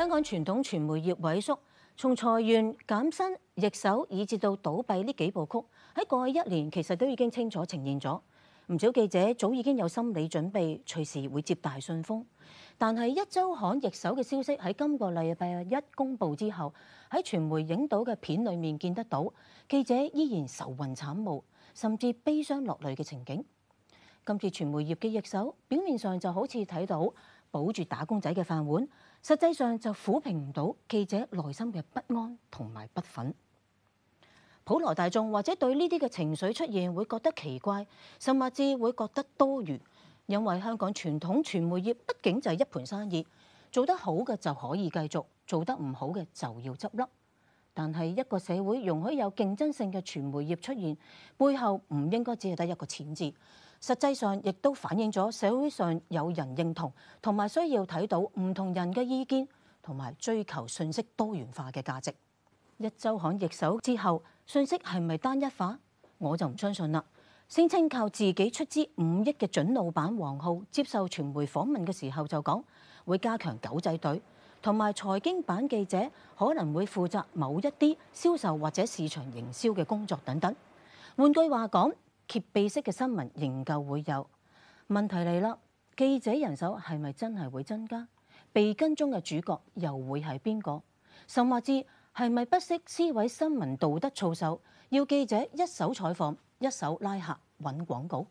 香港傳統傳媒業萎縮，從裁員、減薪、易手，以至到倒閉呢幾部曲，喺過去一年其實都已經清楚呈現咗。唔少記者早已經有心理準備，隨時會接大信封。但係壹週刊易手嘅消息喺今個禮拜一公佈之後，喺傳媒影到嘅片裡面見得到，記者依然愁雲慘霧，甚至悲傷落淚嘅情景。今次傳媒業嘅易手，表面上就好似睇到保住打工仔嘅飯碗，實際上就撫平唔到記者內心嘅不安同埋不憤。普羅大眾或者對呢啲嘅情緒出現會覺得奇怪，甚至會覺得多餘，因為香港傳統傳媒業畢竟就係一盤生意，做得好嘅就可以繼續，做得唔好嘅就要執笠。但係一個社會容許有競爭性嘅傳媒業出現，背後唔應該只係得一個錢字。實際上亦都反映咗社會上有人認同，同埋需要睇到唔同人嘅意見，同埋追求信息多元化嘅價值。壹周刊易手之後，信息係咪單一化？我就唔相信啦。聲稱靠自己出資五億嘅準老闆黃浩接受傳媒訪問嘅時候就講，會加強狗仔隊，同埋財經版記者可能會負責某一啲銷售或者市場營銷嘅工作等等。換句話講。揭秘式嘅新聞仍舊會有問題嚟啦！記者人手係咪真係會增加？被跟蹤嘅主角又會係邊個？甚或至係咪不惜撕毀新聞道德操守，要記者一手採訪一手拉客揾廣告？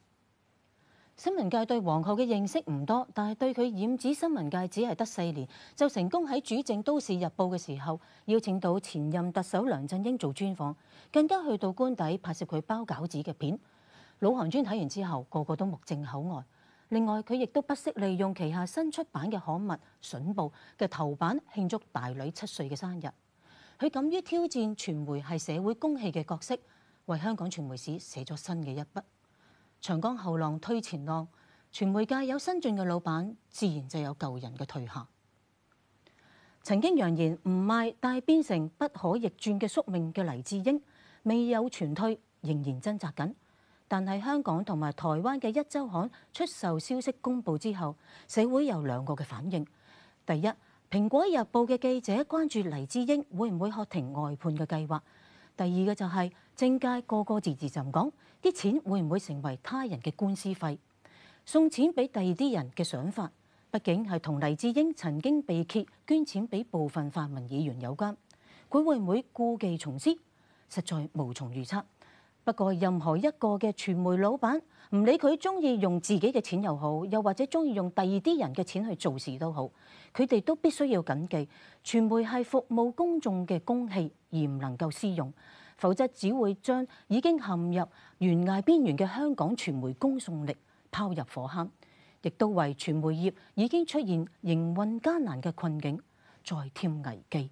新聞界對皇后嘅認識唔多，但係對佢染指新聞界只係得四年，就成功喺主政《都市日報》嘅時候，邀請到前任特首梁振英做專訪，更加去到官邸拍攝佢包餃子嘅片。老行尊睇完之後，個個都目瞪口呆。另外，佢亦都不惜利用旗下新出版嘅刊物《筍報》嘅頭版慶祝大女七歲嘅生日。佢敢於挑戰傳媒係社會公器嘅角色，為香港傳媒史寫咗新嘅一筆。長江後浪推前浪，傳媒界有新進嘅老闆，自然就有舊人嘅退下。曾經揚言唔賣但係變成不可逆轉嘅宿命嘅黎智英，未有全退，仍然掙扎緊。但係香港同埋台灣嘅壹周刊出售消息公布之後，社會有兩個嘅反應。第一，《蘋果日報》嘅記者關注黎智英會唔會學停外判嘅計劃。第二個就係政界個個字字就唔講，啲錢會唔會成為他人嘅官司費？送錢俾第二啲人嘅想法，畢竟係同黎智英曾經被揭捐錢俾部分泛民議員有關。佢會唔會故技重施？實在無從預測。不過，任何一個嘅傳媒老闆，唔理佢中意用自己嘅錢又好，又或者中意用第二啲人嘅錢去做事都好，佢哋都必須要謹記，傳媒係服務公眾嘅公器，而唔能夠私用，否則只會將已經陷入懸崖邊緣嘅香港傳媒公信力拋入火坑，亦都為傳媒業已經出現營運艱難嘅困境再添危機。